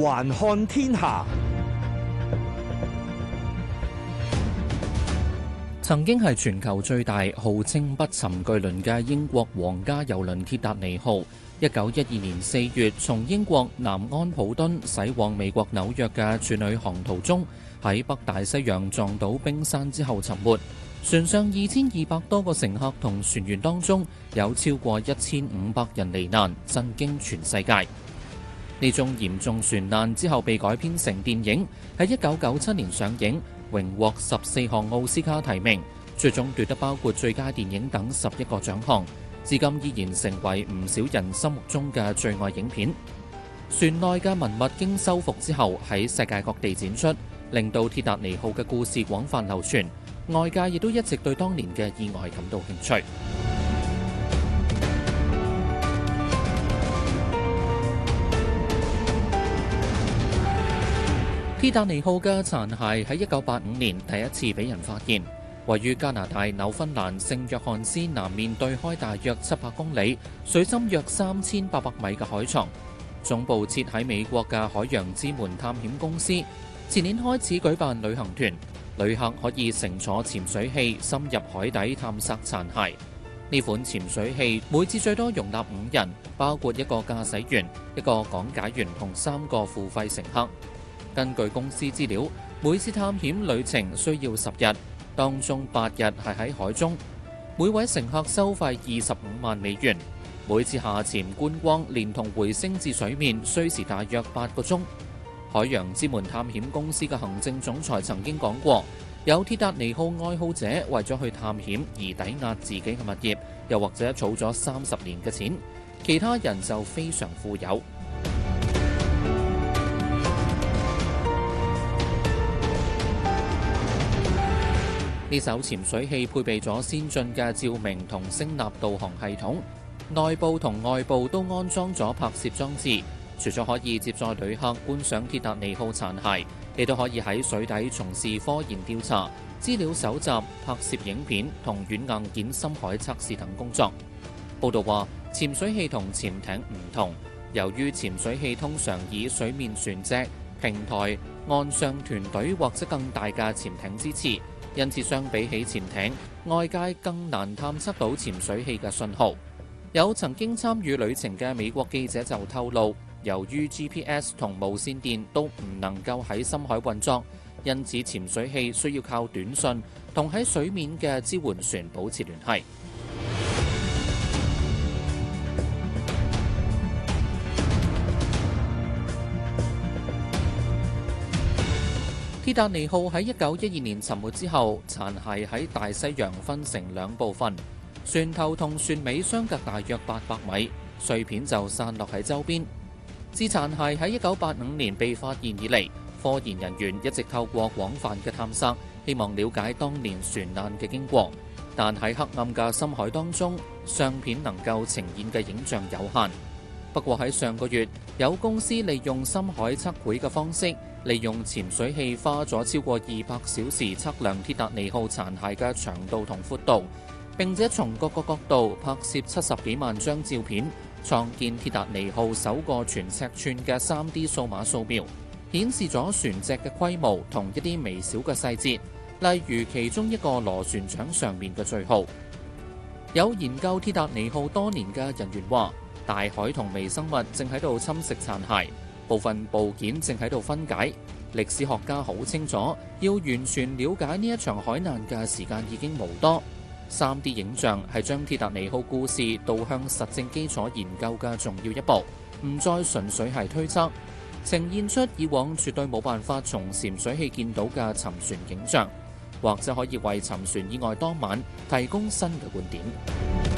環看天下，曾經係全球最大號稱不沉巨輪嘅英國皇家郵輪鐵達尼號，一九一二年四月從英國南安普敦駛往美國紐約嘅處女航途中，喺北大西洋撞到冰山之後沉沒，船上二千二百多個乘客同船員當中，有超過一千五百人罹難，震驚全世界。呢種嚴重船難之後被改編成電影，喺一九九七年上映，榮獲十四項奧斯卡提名，最終奪得包括最佳電影等十一個獎項。至今依然成為唔少人心目中嘅最愛影片。船內嘅文物經修復之後喺世界各地展出，令到鐵達尼號嘅故事廣泛流傳。外界亦都一直對當年嘅意外感到興趣。鐵達尼號嘅殘骸喺一九八五年第一次俾人發現，位於加拿大紐芬蘭聖約翰斯南面對開，大約七百公里，水深約三千八百米嘅海床。總部設喺美國嘅海洋之門探險公司前年開始舉辦旅行團，旅客可以乘坐潛水器深入海底探測殘骸。呢款潛水器每次最多容納五人，包括一個駕駛員、一個講解員同三個付費乘客。根據公司資料，每次探險旅程需要十日，當中八日係喺海中。每位乘客收費二十五萬美元。每次下潛觀光，連同回升至水面，需時大約八個鐘。海洋之門探險公司嘅行政總裁曾經講過，有鐵達尼號愛好者為咗去探險而抵押自己嘅物業，又或者儲咗三十年嘅錢。其他人就非常富有。呢艘潛水器配備咗先進嘅照明同聲納導航系統，內部同外部都安裝咗拍攝裝置。除咗可以接載旅客觀賞鐵達尼號殘骸，亦都可以喺水底從事科研調查、資料搜集、拍攝影片同軟硬件深海測試等工作。報道話，潛水器同潛艇唔同，由於潛水器通常以水面船隻、平台、岸上團隊或者更大嘅潛艇支持。因此，相比起潛艇，外界更難探測到潛水器嘅信號。有曾經參與旅程嘅美國記者就透露，由於 GPS 同無線電都唔能夠喺深海運作，因此潛水器需要靠短信同喺水面嘅支援船保持聯繫。鐵達尼號喺一九一二年沉沒之後，殘骸喺大西洋分成兩部分，船頭同船尾相隔大約八百米，碎片就散落喺周邊。自殘骸喺一九八五年被發現以嚟，科研人員一直透過廣泛嘅探索，希望了解當年船難嘅經過。但喺黑暗嘅深海當中，相片能夠呈現嘅影像有限。不過喺上個月，有公司利用深海測繪嘅方式。利用潛水器花咗超過二百小時測量鐵達尼號殘骸嘅長度同闊度，並且從各個角度拍攝七十幾萬張照片，創建鐵達尼號首個全尺寸嘅三 D 數碼掃描，顯示咗船隻嘅規模同一啲微小嘅細節，例如其中一個螺旋槳上面嘅序號。有研究鐵達尼號多年嘅人員話：大海同微生物正喺度侵蝕殘骸。部分部件正喺度分解，歷史學家好清楚，要完全了解呢一場海難嘅時間已經無多。3D 影像係將鐵達尼號故事導向實證基礎研究嘅重要一步，唔再純粹係推測，呈現出以往絕對冇辦法從潛水器見到嘅沉船景象，或者可以為沉船意外當晚提供新嘅觀點。